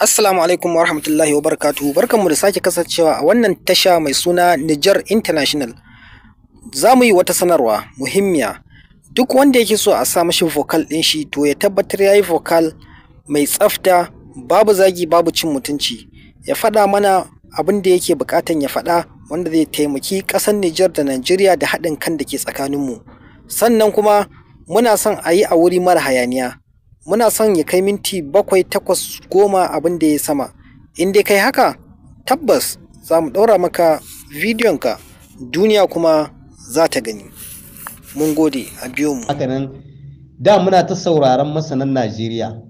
Assalamu alaikum wa rahmatullahi wa barakatu, Barkanmu da sake kasancewa a wannan tasha mai suna Niger International. Za mu yi wata sanarwa muhimmiya. Duk wanda yake so a sa mashi vocal ɗin shi to ya tabbatar ya yi vocal mai tsafta babu zagi babu cin mutunci. Ya faɗa mana abin da yake buƙatan ya faɗa wanda zai taimaki ƙasar Niger da Najeriya da haɗin kan da ke tsakaninmu. Sannan kuma muna son a yi a wuri mara hayaniya. muna son ya kai minti bakwai takwas goma abin da ya sama in dai kai haka tabbas za mu ɗaura maka ka duniya kuma za ta gani mun gode a biyo mu hakanan da muna ta sauraron masanan najeriya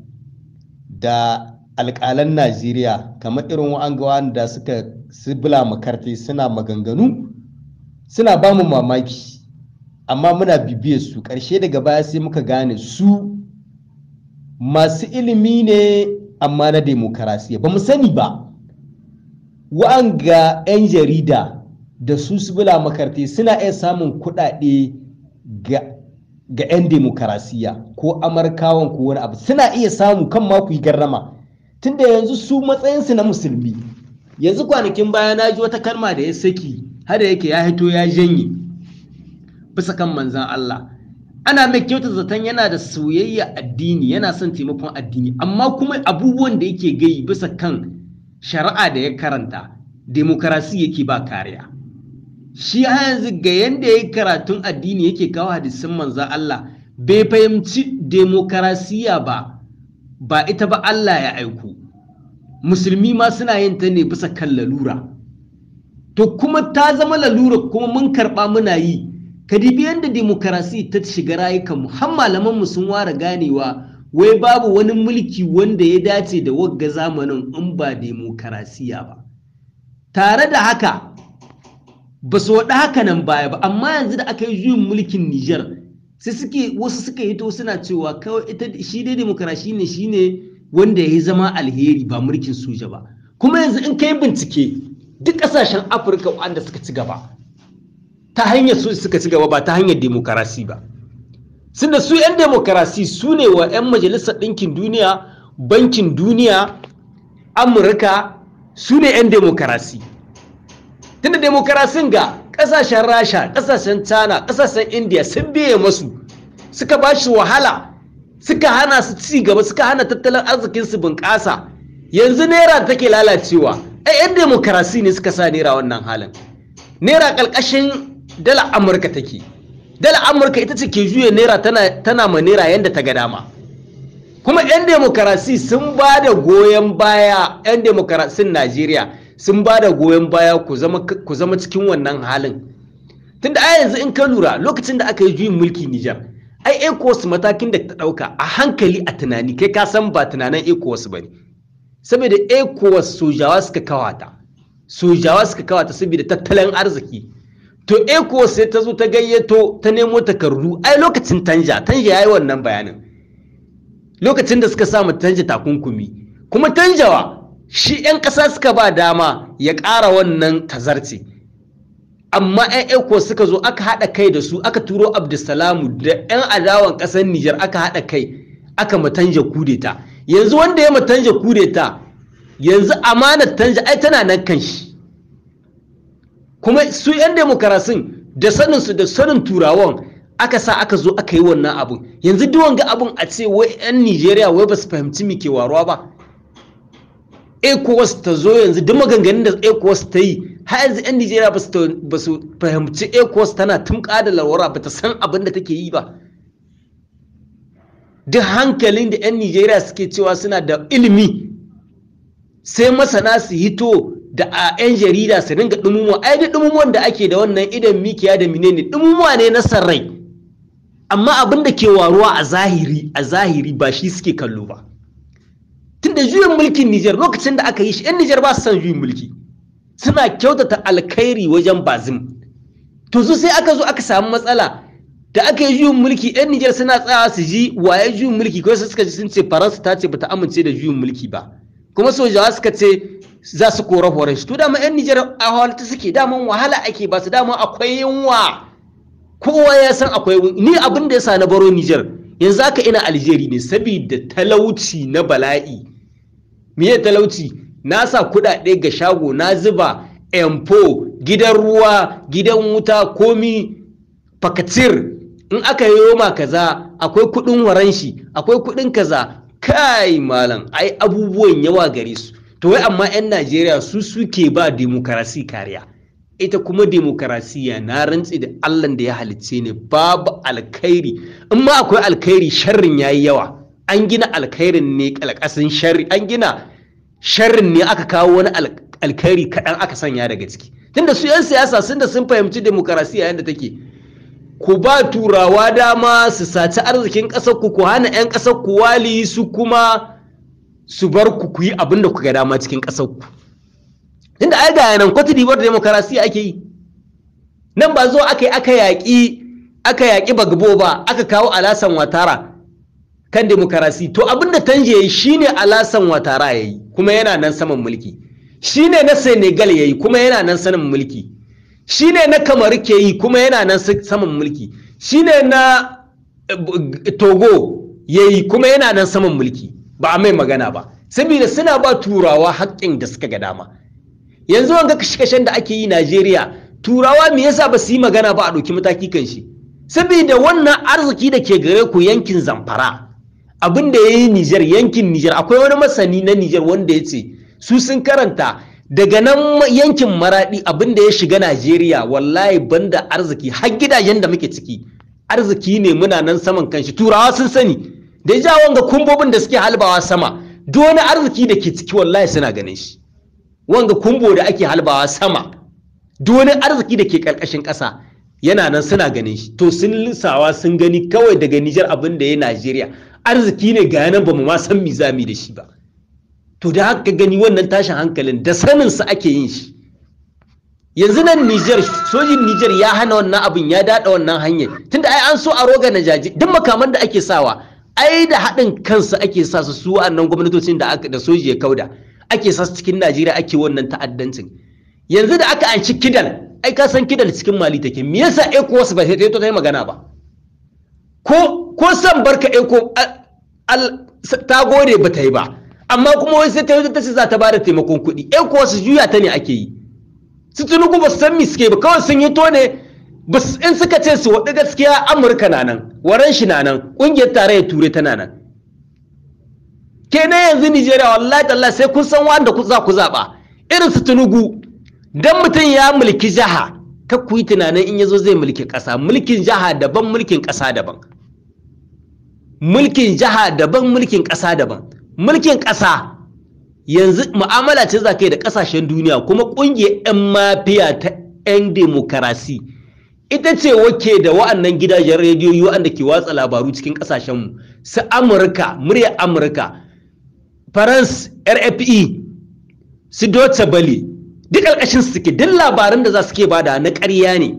da alƙalan najeriya kamar irin wa'angawa da suka sibila makarfi suna maganganu suna ba mu mamaki amma muna bibiyar su ƙarshe daga baya sai muka gane su masu ilimi ne amma na demokarasiya ba mu sani ba wa'anga 'yan jarida da su subula makarti suna iya samun kuɗaɗe ga 'yan demokarasiya ko amurkawan ko wani abu suna iya samu kan ma yi garrama tunda yanzu su matsayinsu na musulmi yanzu kwanakin baya na ji wata kalma da ya saki har yake ya hito ya janye bisa kan manzan Allah ana mai kyautar zaton yana da soyayya addini yana son taimakon addini amma kuma abubuwan da yake gai bisa kan shari'a da ya karanta demokarasi yake ba kariya shi har yanzu ga yanda ya karatun addini yake kawo hadisin manzan Allah bai fahimci demokarasiya ba ba ita ba Allah ya aiko. musulmi ma suna yin ta ne bisa kan lalura to kuma ta zama lalura kuma mun karɓa muna yi ka dibi yadda demokarasi ta shiga rayukanmu har malamanmu sun ware ganewa wai babu wani mulki wanda ya dace da wagga zamanin in ba demokarasiya ba tare da haka ba su waɗa haka nan baya ba amma yanzu da aka yi juyin mulkin Nijar sai suke wasu suka hito suna cewa kawai ita shi dai demokarasi ne shine wanda ya yi zama alheri ba mulkin soja ba kuma yanzu in kai bincike duk ƙasashen Afirka waɗanda suka ci gaba ta hanyar su suka ci gaba ba ta hanyar demokarasi ba sun su 'yan demokarasi su ne wa 'yan majalisar ɗinkin duniya bankin duniya amurka su ne 'yan demokarasi tunda demokarasin ga ƙasashen rasha ƙasashen china ƙasashen india sun biye masu suka ba shi wahala suka hana su ci gaba suka hana tattalin arzikinsu bunƙasa yanzu naira take lalacewa ai 'yan demokarasi ne suka sa naira wannan halin naira ƙalƙashin dala amurka take dala amurka ita ce ke juya naira tana ma naira yadda ta ga dama kuma 'yan demokarasi sun ba da goyon baya 'yan demokarasin najeriya sun ba da goyon baya ku zama cikin wannan halin tunda a yanzu in ka lura lokacin da aka yi juyin mulki nijar ai ecowas matakin da ta ɗauka a hankali a tunani kai ka san ba tunanin ecowas ba ne saboda ecowas sojawa suka kawata sojawa suka kawata saboda tattalin arziki to Eko sai ta zo ta gayyato ta nemo takardu ai lokacin tanja tanja yayi wannan bayanin lokacin da suka samu tanja takunkumi kuma tanjawa shi 'yan ƙasa suka ba dama ya ƙara wannan tazarci amma 'yan Eko suka zo aka haɗa kai da su aka turo abdulsalamu da 'yan adawan ƙasar nijar aka haɗa kai aka matanja kudeta yanzu wanda ya matanja kudeta yanzu amanar tanja ai tana nan kan shi kuma su 'yan demokarasin da saninsu da sanin turawan aka sa aka zo aka yi wannan abun yanzu duwan ga abun a ce wai 'yan nigeria wai ba su fahimci mi ke waruwa ba ecowas ta zo yanzu duk maganganun da ecowas ta yi har yanzu 'yan nigeria ba su fahimci ecowas tana tumka da larwara ba ta san abin da take yi ba duk hankalin da 'yan nigeria suke cewa suna da ilimi sai masana su hito da a 'yan jarida su ringa ɗumumuwa ai da ɗumumuwan da ake da wannan idan mikiya da mine ne ne na sarrai amma abin da ke waruwa a zahiri a zahiri ba shi suke kallo ba tunda juyin mulkin Nijar lokacin da aka yi shi 'yan Nijar ba su son juyin mulki suna kyautata alkhairi wajen bazim to su sai aka zo aka samu matsala da aka yi juyin mulki 'yan Nijar suna tsayawa su ji waye juyin mulki ko suka ji sun ce Faransa ta ce bata amince da juyin mulki ba kuma sojawa suka ce za su kora horon shi to dama yan nijar a halitta suke daman wahala ake ba su dama akwai yunwa kowa ya san akwai ni abin da ya sa na baro nijar yanzu haka ina aljeri ne saboda talauci na bala'i miye talauci na sa kuɗaɗe ga shago na zuba empo gidan ruwa gidan wuta komi fakatir in aka yi yoma kaza akwai kuɗin waran akwai kuɗin kaza kai malam ai abubuwan yawa gare su to wai amma 'yan najeriya su suke ba demokarasi kariya ita kuma demokarasiya na rantsi da allah da ya halicce ne babu alkhairi in ma akwai alkhairi sharrin ya yi yawa an gina alkhairin ne kalkasin sharri an gina sharrin ne aka kawo wani alkhairi kaɗan aka sanya daga ciki tunda su 'yan siyasa sun da sun fahimci demokarasiya yadda take ku ba turawa dama su saci arzikin ƙasarku ku hana 'yan ƙasarku wali su kuma su bar ku ku yi abin da kuka dama cikin ƙasarku Inda ai ga yanan kwata dibar demokarasi ake yi nan ba zo aka yi aka yaƙi aka bagbo ba aka kawo alasan watara kan demokarasi to abin da tanje ya yi shine alasan watara ya yi kuma yana nan saman mulki Shi ne na senegal ya yi kuma yana nan sanin mulki Shi ne na kamar ke yi kuma yana nan saman mulki Shi ne na eh, togo ya yi kuma yana nan saman mulki ba a mai magana ba saboda suna ba turawa haƙƙin da suka ga dama yanzu wanga kashe-kashen da ake yi najeriya turawa me yasa ba su yi magana ba a ɗauki mataki kan shi saboda wannan arziki da ke gare ku yankin zamfara abinda da ya yi nijar yankin nijar akwai wani masani na nijar wanda ya ce su sun karanta daga nan yankin Maraɗi abin da ya shiga najeriya wallahi banda arziki har gidajen da muke ciki arziki ne muna nan saman kanshi turawa sun sani da ja wanga kumbobin da suke halbawa sama dole arziki da ke ciki wallahi suna ganin shi wanga kumbo da ake halbawa sama dole arziki da ke karkashin ƙasa yana nan suna ganin shi to sun lissawa sun gani kawai daga nijar abin da ya najeriya arziki ne ga yanan ba mu ma san mi da shi ba to da haka gani wannan tashin hankalin da sanin saninsa ake yin shi yanzu nan Nijar sojin Nijar ya hana wannan abin ya dada wannan hanya tunda ai an so a roga jaji duk makaman da ake sawa ai da haɗin kansu ake sa su su annan gwamnatocin da da soji ya kauda ake sa su cikin Najeriya ake wannan ta'addancin yanzu da aka anci kidal ai ka san kidal cikin Mali take me yasa ECOWAS ba sai ta yi magana ba ko ko san barka ECO ta gode ba ta yi ba amma kuma wai sai ta yi ta ce za ta ba da taimakon kuɗi ai kuwa su juya ta ne ake yi su ku ba su san miske ba kawai sun yi to ne in suka ce su waɗi gaskiya amurka na nan waran shi na nan ƙungiyar tarayyar turai tana nan Ke na yanzu nigeria wallahi tallah sai kun san wanda ku za ku zaɓa irin su tunugu dan mutum ya mulki jaha ka ku yi tunanin in ya zo zai mulki ƙasa mulkin jaha daban mulkin ƙasa daban mulkin jaha daban mulkin ƙasa daban mulkin ƙasa yanzu mu'amala ce za ka yi da ƙasashen duniya kuma ƙungiyar 'yan mafiya ta 'yan demokarasi ita ce wake da wa'annan gidajen rediyoyi wa'anda ke watsa labaru cikin ƙasashenmu su amurka muryar amurka france rfe su doce bali duk ƙarƙashin suke duk labaran da za su ke bada na ƙarya ne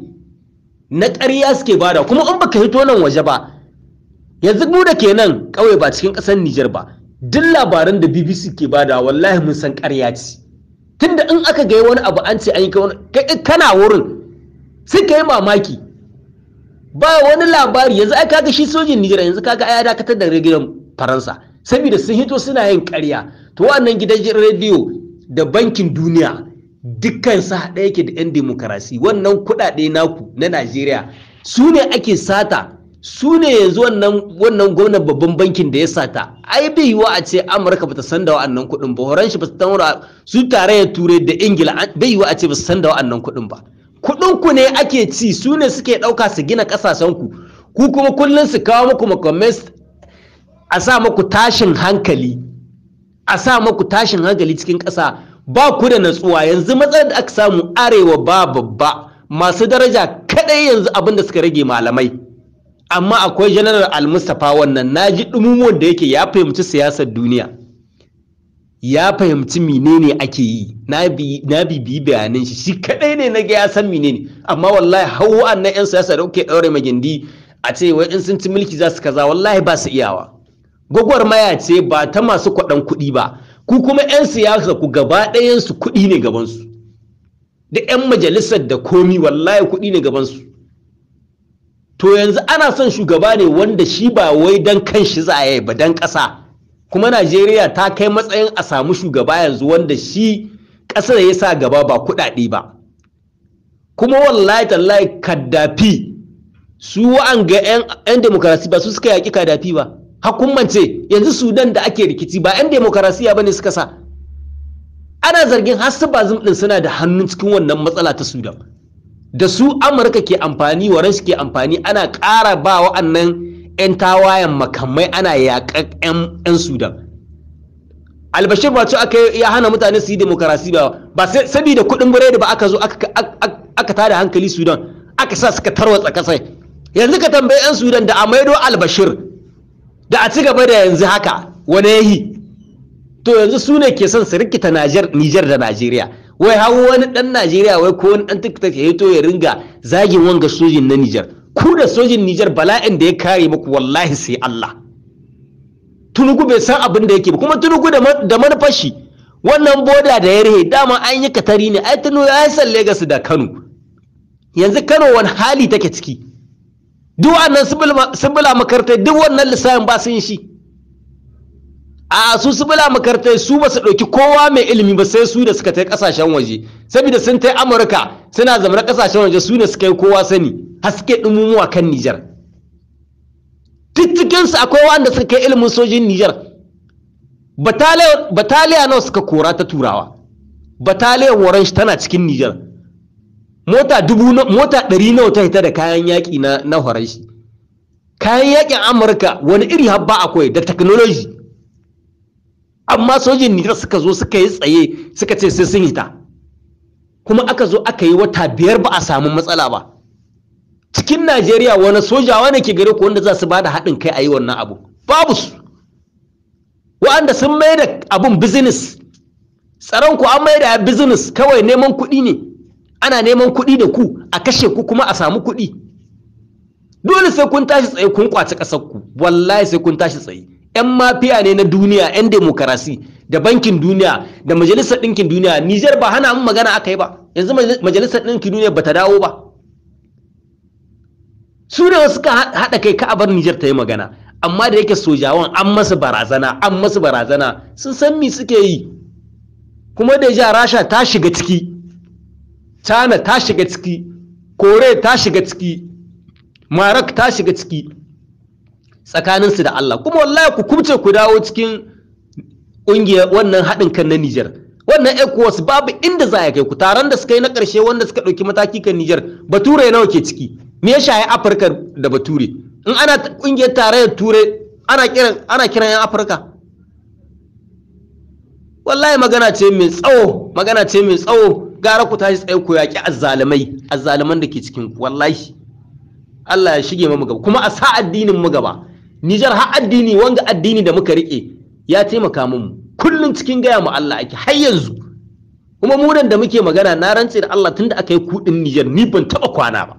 na ƙarya suke bada kuma in baka hito nan waje ba yanzu mu da ke nan ƙauye ba cikin ƙasar Nijar ba duk labaran da bbc ke bada wallahi mun san ƙarya ce tunda in aka ga wani abu an ce an yi kana wurin sai ka yi mamaki ba wani labari yanzu ai kaga shi sojin Nijar yanzu kaga ai ya dakatar da rigiran Faransa saboda sun hito suna yin karya. to wannan gidan rediyo da bankin duniya dukkan su haɗa yake da 'yan demokarasi wannan kuɗaɗe naku na Najeriya su ne ake sata su ne yanzu wannan gwamnan babban bankin da ya sata ai bai yiwa a ce amurka ta san da wa'annan kuɗin ba horon shi ba su tare ya ture da ingila bai yiwa a ce ba su san da wa'annan kuɗin ba kuɗin ku ne ake ci su ne suke ɗauka su gina ƙasashen ku ku kuma kullum su kawo muku makamai a sa muku tashin hankali a sa muku tashin hankali cikin ƙasa ba ku da natsuwa yanzu matsalar da aka samu arewa ba babba masu daraja kaɗai yanzu abin da suka rage malamai amma akwai janar al-mustapha wannan na ji ɗumumuwan da yake ya fahimci siyasar duniya ya fahimci menene ake yi na bibiyi bayanin shi shi kadai ne na ga ya san menene amma wallahi hau na 'yan siyasa da kuke daure magindi a ce wai in sun ci mulki za su kaza wallahi ba su iyawa maya ce ba ta masu kwaɗan kuɗi ba ku kuma 'yan siyasa ku gaba ɗayansu kuɗi ne gabansu da 'yan majalisar da komi wallahi kuɗi ne gabansu to yanzu ana son shugaba ne wanda shi ba wai don kan shi za a ba don ƙasa kuma najeriya ta kai matsayin a samu shugaba yanzu wanda shi ƙasar ya sa gaba ba kuɗaɗe ba kuma wallahi tallahi kaddafi su wa'anga 'yan demokarasi ba su suka yaƙi kaddafi ba hakumance yanzu sudan da ake rikici ba 'yan demokarasiya ba ne suka sa ana zargin har su bazum ɗin suna da hannun cikin wannan matsala ta sudan da su amurka ke amfani waran ke amfani ana ƙara ba wa'annan 'yan tawayen makamai ana yaƙa 'yan sudan albashir ba ce aka ya hana mutane su yi demokarasi ba ba saboda kuɗin biredi ba aka zo aka tada hankali sudan aka sa suka tarwatsa kasai yanzu ka tambayi 'yan sudan da a maido albashir da a ci gaba da yanzu haka wani yahi to yanzu su ne ke son su rikita nijar da najeriya wai hawo wani dan najeriya wai ko wani dan tiktok ya hito ya ringa zagin wanga sojin na nijar ku da sojin nijar bala'in da ya kare maku, wallahi sai allah tunugu bai san abin da yake ba kuma tunugu da manufar shi wannan boda da ya rihe dama an yi katari ne ai tunu ya san legas da kano yanzu kano wani hali take ciki duk wannan sun bula makarantar duk wannan lissafin ba sun yi shi a su subula makarantar su ba su ɗauki kowa mai ilimi ba sai su da suka tai ƙasashen waje saboda sun tai amurka suna zama ƙasashen waje su ne suka yi kowa sani haske ɗumumuwa kan nijar duk akwai wanda suka kai ilimin sojin nijar bataliya nawa suka kora ta turawa bataliyar waran shi tana cikin nijar mota dubu mota ɗari nawa ta hita da kayan yaƙi na na kayan yaƙin amurka wani iri har ba akwai da technology amma sojin nijar suka zo suka yi tsaye suka ce sai sun hita kuma aka zo aka yi wata biyar ba a samu matsala ba cikin najeriya wani soja ne ke gare ku wanda za su ba da haɗin kai a yi wannan abu babu su wa'anda sun mai da abun business tsaron ku an mai da business kawai neman kuɗi ne ana neman kuɗi da ku a kashe ku kuma a samu kuɗi dole sai kun tashi tsaye kun kwaci ƙasar ku wallahi sai kun tashi tsaye 'yan mafiya ne na duniya 'yan demokarasi da bankin duniya da majalisar ɗinkin duniya nijar ba hana mun magana aka yi ba yanzu majalisar ɗinkin duniya ba ta dawo ba su ne wasu ka haɗa kai ka a bar nijar ta yi magana amma da yake sojawan an masu barazana an masu barazana sun san me suke yi kuma da ja rasha ta shiga ciki china ta shiga ciki kore ta shiga ciki marak ta shiga ciki tsakaninsu da Allah kuma wallahi ku kubce ku dawo cikin ƙungiyar wannan haɗin kan na Nijar wannan ECOWAS babu inda za ya kai ku taron da suka yi na ƙarshe wanda suka ɗauki mataki kan Nijar bature nawa ke ciki me ya shaye Afirka da bature in ana ƙungiyar tarayyar ture ana kiran ana kiran yan Afirka wallahi magana ce mai tsawo magana ce mai tsawo gara ku tashi tsaye ku yaƙi azzalumai azzaluman da ke cikin wallahi Allah ya shige mu gaba kuma a sa addinin mu gaba Nijar har addini wanga addini da muka rike ya taimaka mu kullum cikin gaya mu Allah ake har yanzu kuma mu da muke magana na rantse da Allah tunda aka yi kudin Nijar ni ban taba kwana ba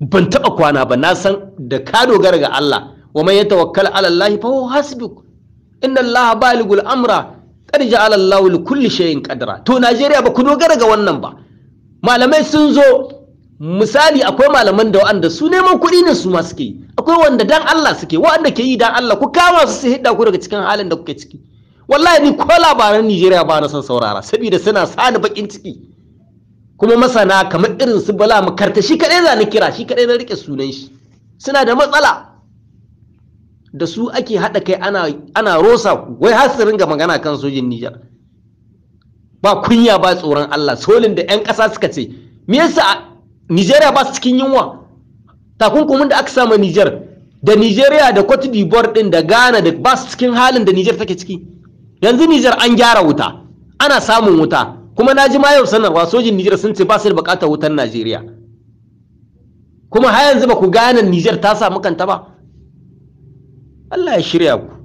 ban taba kwana ba na san da ka dogara ga Allah wa man yatawakkal ala Allah fa huwa hasbuk inna Allah baligul amra qad ja'ala Allah li kulli shay'in qadra to Najeriya ba ku dogara ga wannan ba malamai sun zo misali akwai malaman da wa'anda su neman kuɗi ne su ma suke akwai wanda dan Allah suke waɗanda ke yi dan Allah ku kama su su hidda ku daga cikin halin da kuke ciki wallahi ni ko labaran Nigeria ba na son saurara saboda suna sani bakin ciki kuma masana kamar irin su Bala karta shi kadai za ni kira shi kadai na rike sunan shi suna da matsala da su ake haɗa kai ana ana rosa ku wai har su ringa magana kan sojin Niger ba kunya ba tsoron Allah solin da 'yan ƙasa suka ce me yasa Nigeria ba su cikin yunwa takunkumin da aka sama Nijar da Nijeriya da Cote d'Ivoire din da Ghana da ba cikin halin da Nijar take ciki yanzu Nijar an gyara wuta ana samun wuta kuma naji ji ma yau sanarwa sojin Nijar sun ce ba su da bukatar wutar Najeriya kuma har yanzu ba ku gane Nijar ta samu kanta ba Allah ya shirya ku